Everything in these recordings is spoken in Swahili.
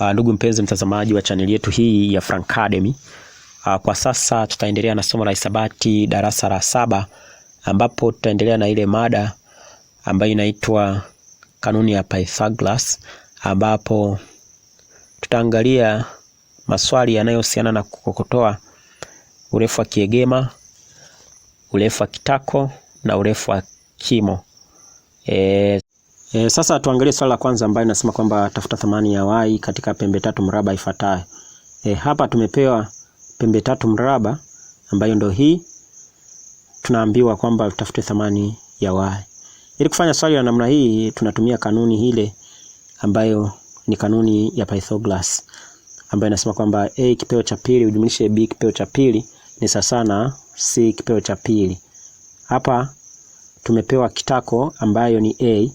Uh, ndugu mpenzi mtazamaji wa chaneli yetu hii ya Francademy. Uh, ah, kwa sasa tutaendelea na somo la hisabati darasa la saba ambapo tutaendelea na ile mada ambayo inaitwa kanuni ya Pythagoras ambapo tutaangalia maswali yanayohusiana na kukokotoa urefu wa kiegema, urefu wa kitako na urefu wa kimo. E, E, sasa tuangalie swali la kwanza ambayo inasema kwamba tafuta thamani ya y katika pembe tatu mraba ifuatayo. E, hapa tumepewa pembe tatu mraba ambayo ndio hii. Tunaambiwa kwamba tutafute thamani ya y. Ili kufanya swali la namna hii tunatumia kanuni ile ambayo ni kanuni ya Pythagoras ambayo inasema kwamba a kipeo cha pili ujumlishe b kipeo cha pili ni sawa na c kipeo cha pili. Hapa tumepewa kitako ambayo ni a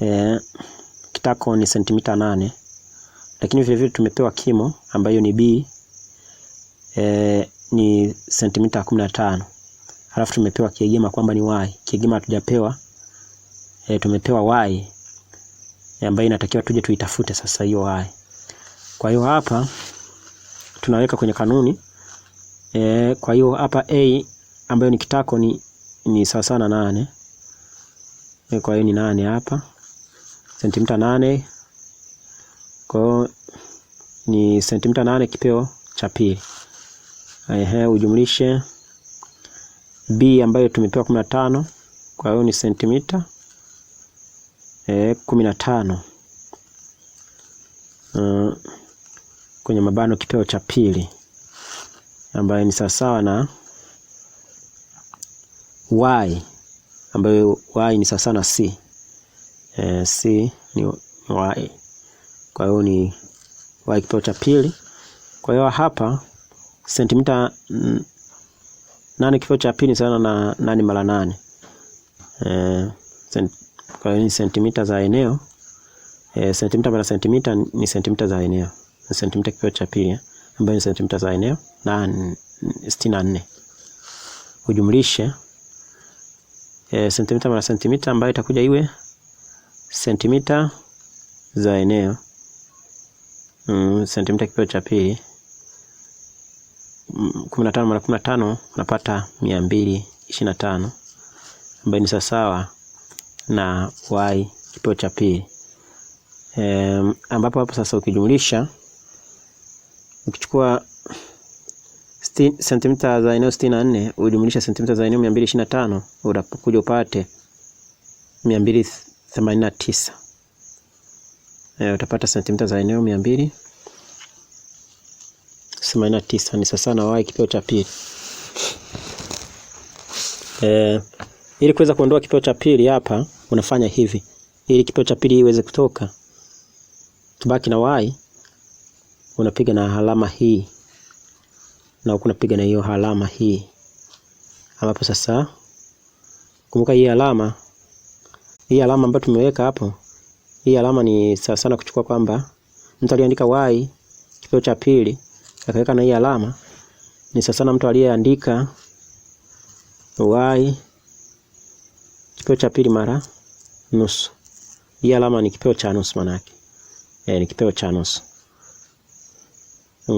e, kitako ni sentimita nane, lakini vile vile tumepewa kimo ambayo ni B e, ni sentimita kumi na tano alafu tumepewa kiegema kwamba ni y. Kiegema hatujapewa e, tumepewa y ambayo inatakiwa tuje tuitafute sasa hiyo y. Kwa hiyo hapa tunaweka kwenye kanuni e, kwa hiyo hapa a ambayo ni kitako ni, ni sawa sana nane. Kwa hiyo ni nane hapa sentimita nane kwa ni sentimita nane kipeo cha pili. Ehe, ujumlishe b ambayo tumepewa kumi na tano kwa hiyo ni sentimita eh, kumi na tano uh, kwenye mabano kipeo cha pili ambayo ni sawasawa na y ambayo y ni sawasawa na c. Eh, C ni y. Kwa hiyo ni y kipeo cha pili. Kwa hiyo hapa sentimita nane kipeo cha pili sana na nane mara nane e, kwa hiyo ni sentimita za eneo e, sentimita mara sentimita ni sentimita za eneo, ni sentimita kipeo cha pili ambayo ni sentimita za eneo na sitini na nne ujumlishe e, sentimita mara sentimita ambayo itakuja iwe sentimita za eneo mm, sentimita kipeo cha pili mm, kumi na tano mara kumi na tano unapata mia mbili ishirini na tano ambayo ni sawasawa na y kipeo cha pili e, ambapo hapo sasa ukijumlisha ukichukua sentimita za eneo sitini na nne ujumlisha sentimita za eneo mia mbili ishirini na tano utakuja upate mia mbili 89 e, eh, utapata sentimita za eneo 289 ni sasa na y kipeo cha pili. E, ili kuweza kuondoa kipeo cha pili hapa unafanya hivi, ili kipeo cha pili iweze kutoka tubaki na y, unapiga na alama hii na huku unapiga na hiyo alama hii, ambapo sasa kumbuka hii alama hii alama ambayo tumeweka hapo, hii alama ni sawa sana kuchukua kwamba mtu aliandika y kipeo cha pili akaweka na hii alama ni sawa sana mtu aliyeandika y kipeo cha pili mara nusu. Hii alama ni kipeo cha nusu maana yake. Eh, ni kipeo cha nusu.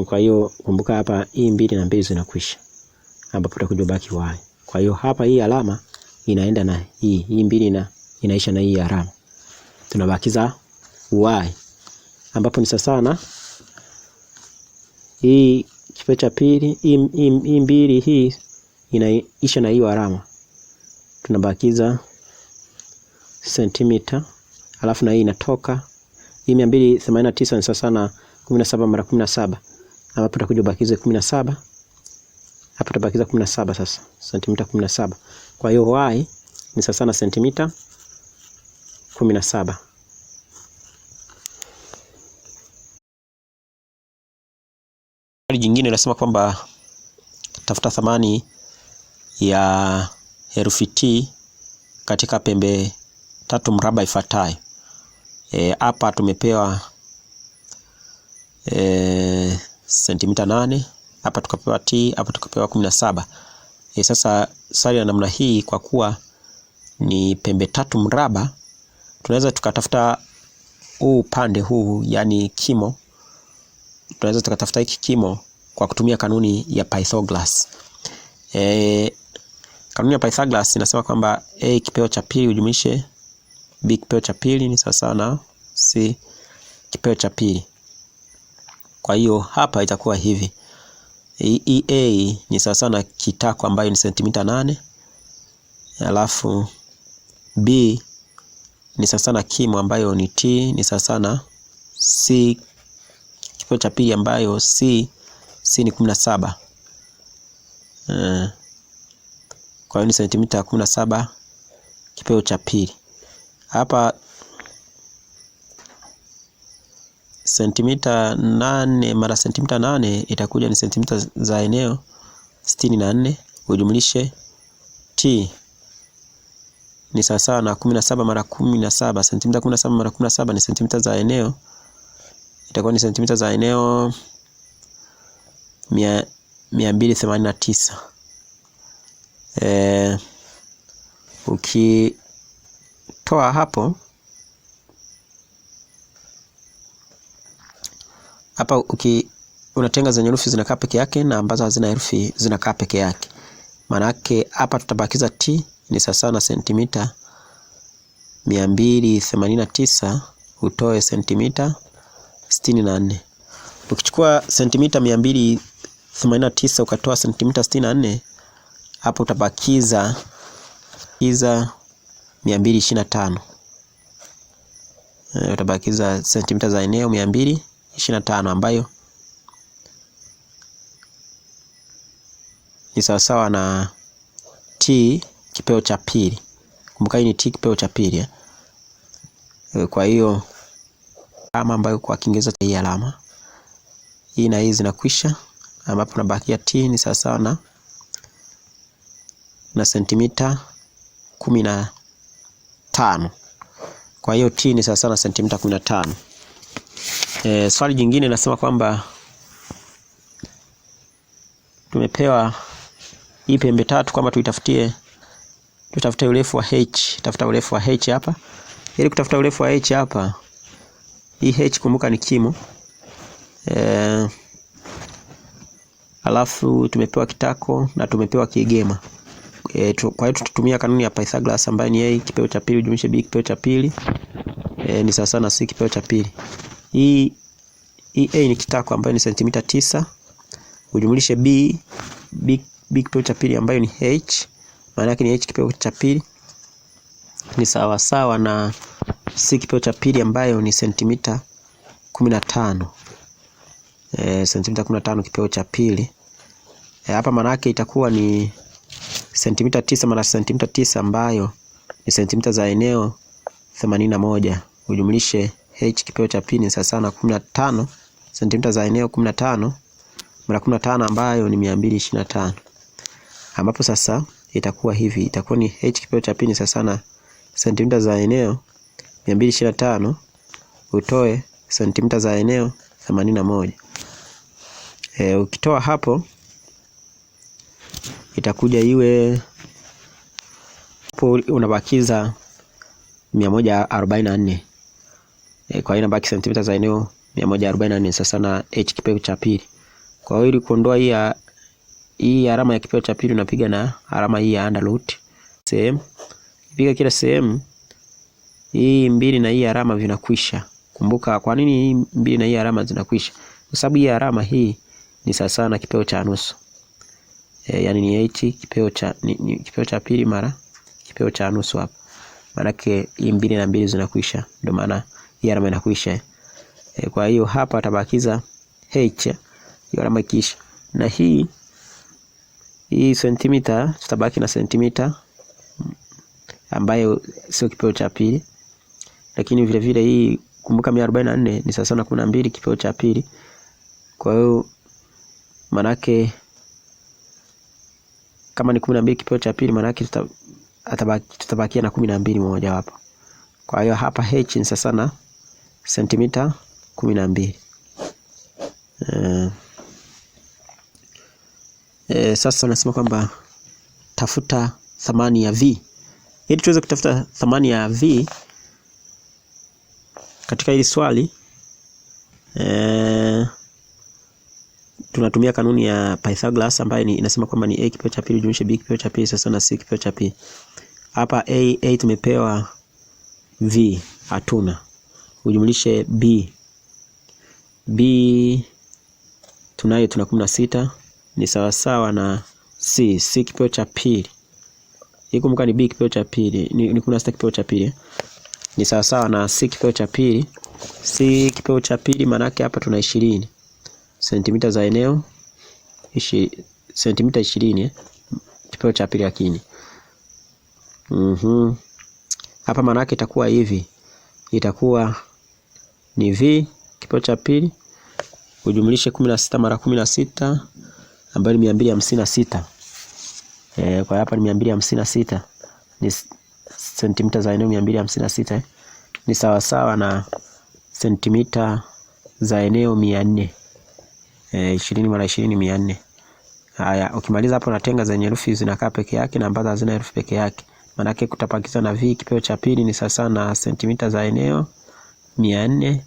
Kwa hiyo kumbuka hapa hii mbili na mbili zinakwisha, ambapo utakuja baki y. Kwa hiyo hapa hii alama inaenda na hii hii mbili na inaisha na hii alama. Tunabakiza y ambapo ni sasa sasana hii kipeo cha pili hii mbili hii inaisha na hiyo alama, tunabakiza sentimita, alafu na hii inatoka hii mia mbili themanini na tisa ni sasa na kumi na saba mara kumi na saba ambapo tutakuja ubakize kumi na saba hapa tutabakiza kumi na saba sasa sentimita kumi na saba. Kwa hiyo y ni sasa na sentimita kumi na saba. Swali jingine linasema kwamba tafuta thamani ya herufi t katika pembe tatu mraba ifuatayo. E, hapa e, tumepewa e, sentimita nane hapa tukapewa t hapa tukapewa kumi na saba. E, sasa swali la namna hii kwa kuwa ni pembe tatu mraba tunaweza tukatafuta huu upande huu, yani kimo, tunaweza tukatafuta hiki kimo kwa kutumia kanuni ya Pythagoras. E, kanuni ya Pythagoras inasema kwamba a kipeo cha pili ujumlishe b kipeo cha pili ni sawa na c kipeo cha pili. Kwa hiyo hapa itakuwa hivi EA e, ni sawa na kitako ambayo ni sentimita nane, alafu B ni sasa na kimo ambayo ni T, ni sasa na C kipeo cha pili ambayo C, C ni kumi na saba uh, kwa hiyo ni sentimita kumi na saba kipeo cha pili hapa sentimita nane mara sentimita nane itakuja ni sentimita za eneo sitini na nne ujumlishe T ni sawasawa na kumi na mara kumi na saba sentimita mara kumi na saba ni sentimita za eneo itakuwa ni sentimita za eneo mia, eh mbili themanini na tisa eh, ukitoa hapo hapa uki unatenga zenye herufi zinakaa peke yake na ambazo hazina herufi zinakaa peke yake. Maana yake hapa tutabakiza t ni sawasawa na sentimita 289 utoe sentimita 64. Ukichukua sentimita 289 ukatoa sentimita 64, hapo utabakiza iza 225. E, utabakiza sentimita za eneo 225 ambayo ni sawasawa na t kipeo cha pili. Kumbuka hii ni t kipeo cha pili eh? eh kwa hiyo alama ambayo kwa Kiingereza hii alama hii na hii zinakwisha, ambapo nabakia t ni sawasawa na na sentimita kumi na tano. Kwa hiyo t ni sawasawa na sentimita kumi na tano. E, swali jingine nasema kwamba tumepewa hii pembe tatu kwamba tuitafutie tutafuta urefu wa h. Tafuta urefu wa h hapa. Ili kutafuta urefu wa h hapa, hii h kumbuka ni kimo e, eh, alafu tumepewa kitako na tumepewa kigema e, eh, tu, kwa hiyo tutatumia kanuni ya Pythagoras ambayo ni a kipeo cha pili jumlisha b kipeo cha pili e, ni sawa sana c kipeo cha pili. Hii hii a ni kitako ambayo ni sentimita tisa ujumlishe b b kipeo cha pili ambayo ni h maana yake ni h kipeo cha pili ni sawasawa na si kipeo cha pili ambayo ni sentimita 15 eh sentimita 15 kipeo cha pili e, hapa maana yake itakuwa ni sentimita 9 mara sentimita 9 ambayo ni sentimita za eneo 81 ujumlishe h kipeo cha pili ni sawasawa na sentimita za eneo 15 mara 15 ambayo ni 225 ambapo sasa itakuwa hivi, itakuwa ni h kipeo cha pini sasa na sentimita za eneo 225 utoe sentimita za eneo 81. E, ukitoa hapo itakuja iwe hapo unabakiza 144. E, kwa hiyo inabaki sentimita za eneo 144 sasa na h kipeo cha pili. Kwa hiyo ili kuondoa hii hii alama ya kipeo cha pili unapiga na alama hii ya under root sehemu, piga kila sehemu hii mbili na hii alama vinakwisha. Kumbuka kwa nini hii mbili na hii alama zinakwisha? Kwa sababu hii alama hii ni sawa sawa na kipeo cha nusu e, yani ni h kipeo cha ni, ni, kipeo cha pili mara kipeo cha nusu hapa. Maana yake hii mbili na mbili zinakwisha, ndio maana hii alama inakwisha. E, kwa hiyo hapa atabakiza h hiyo alama ikiisha. na hii hii sentimita tutabaki na sentimita ambayo sio kipeo cha pili, lakini vile vile hii kumbuka 144 ni sawa na 12 kipeo cha pili. Kwa hiyo manake kama ni 12 kipeo cha pili, manake tutabaki tutabakia na 12 mmoja wapo. Kwa hiyo hapa h ni sawa na sentimita 12. Uh, E, sasa nasema kwamba tafuta thamani ya v. Ili tuweze kutafuta thamani ya v katika hili swali e, tunatumia kanuni ya Pythagoras ambayo inasema kwamba ni a kipeo cha pili jumlisha b kipeo cha pili sasa na c kipeo cha pili. Hapa a a tumepewa v hatuna, ujumlishe b b tunayo, tuna kumi na sita ni sawasawa na C. C kipeo cha pili ikumbuka ni B kipeo cha pili ni, ni kumi na sita kipeo cha pili eh? ni sawasawa na C kipeo cha pili. C kipeo cha pili yake hapa tuna ishirini sentimita za eneo ishi, sentimita ishirini eh? kipeo cha pili lakini mm hapa hapa maanake itakuwa hivi itakuwa ni V kipeo cha pili ujumlishe kumi na sita mara kumi na sita ambayo ni mia mbili hamsini na sita e, kwa hapa ni mia mbili hamsini na sita ni sentimita za eneo mia mbili hamsini na sita eh, ni sawasawa na sentimita za eneo mia nne eh, ishirini mara ishirini mia nne Haya, ukimaliza hapo unatenga zenye herufi zinakaa peke yake na ambazo hazina herufi peke yake, Maana yake kutapakizwa na v kipeo cha pili ni sawa na sentimita za eneo 400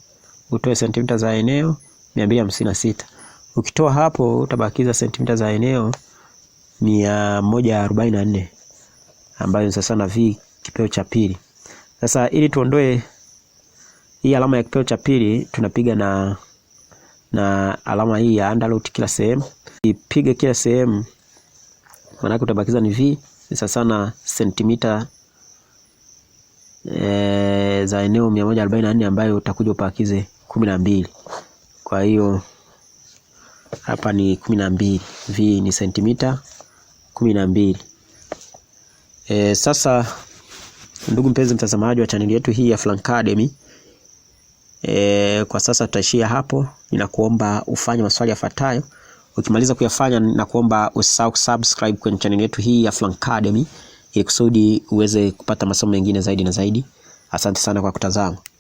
utoe sentimita za eneo 256. Ukitoa hapo utabakiza sentimita za eneo mia moja arobaini na nne ambayo sasa na v kipeo cha pili. Sasa ili tuondoe hii alama ya kipeo cha pili tunapiga na na alama hii ya under root kila sehemu, ipige kila sehemu, maanake utabakiza ni v sasa na sentimita e, eh, za eneo mia moja arobaini na nne ambayo utakuja upakize kumi na mbili. Kwa hiyo hapa ni kumi na mbili v ni sentimita kumi na mbili. E, sasa ndugu mpenzi mtazamaji wa chaneli yetu hii ya Francademy e, kwa sasa tutaishia hapo. Ninakuomba ufanye maswali yafuatayo. Ukimaliza kuyafanya, nakuomba usisahau kusubscribe kwenye chaneli yetu hii ya Francademy ili kusudi uweze kupata masomo mengine zaidi na zaidi. Asante sana kwa kutazama.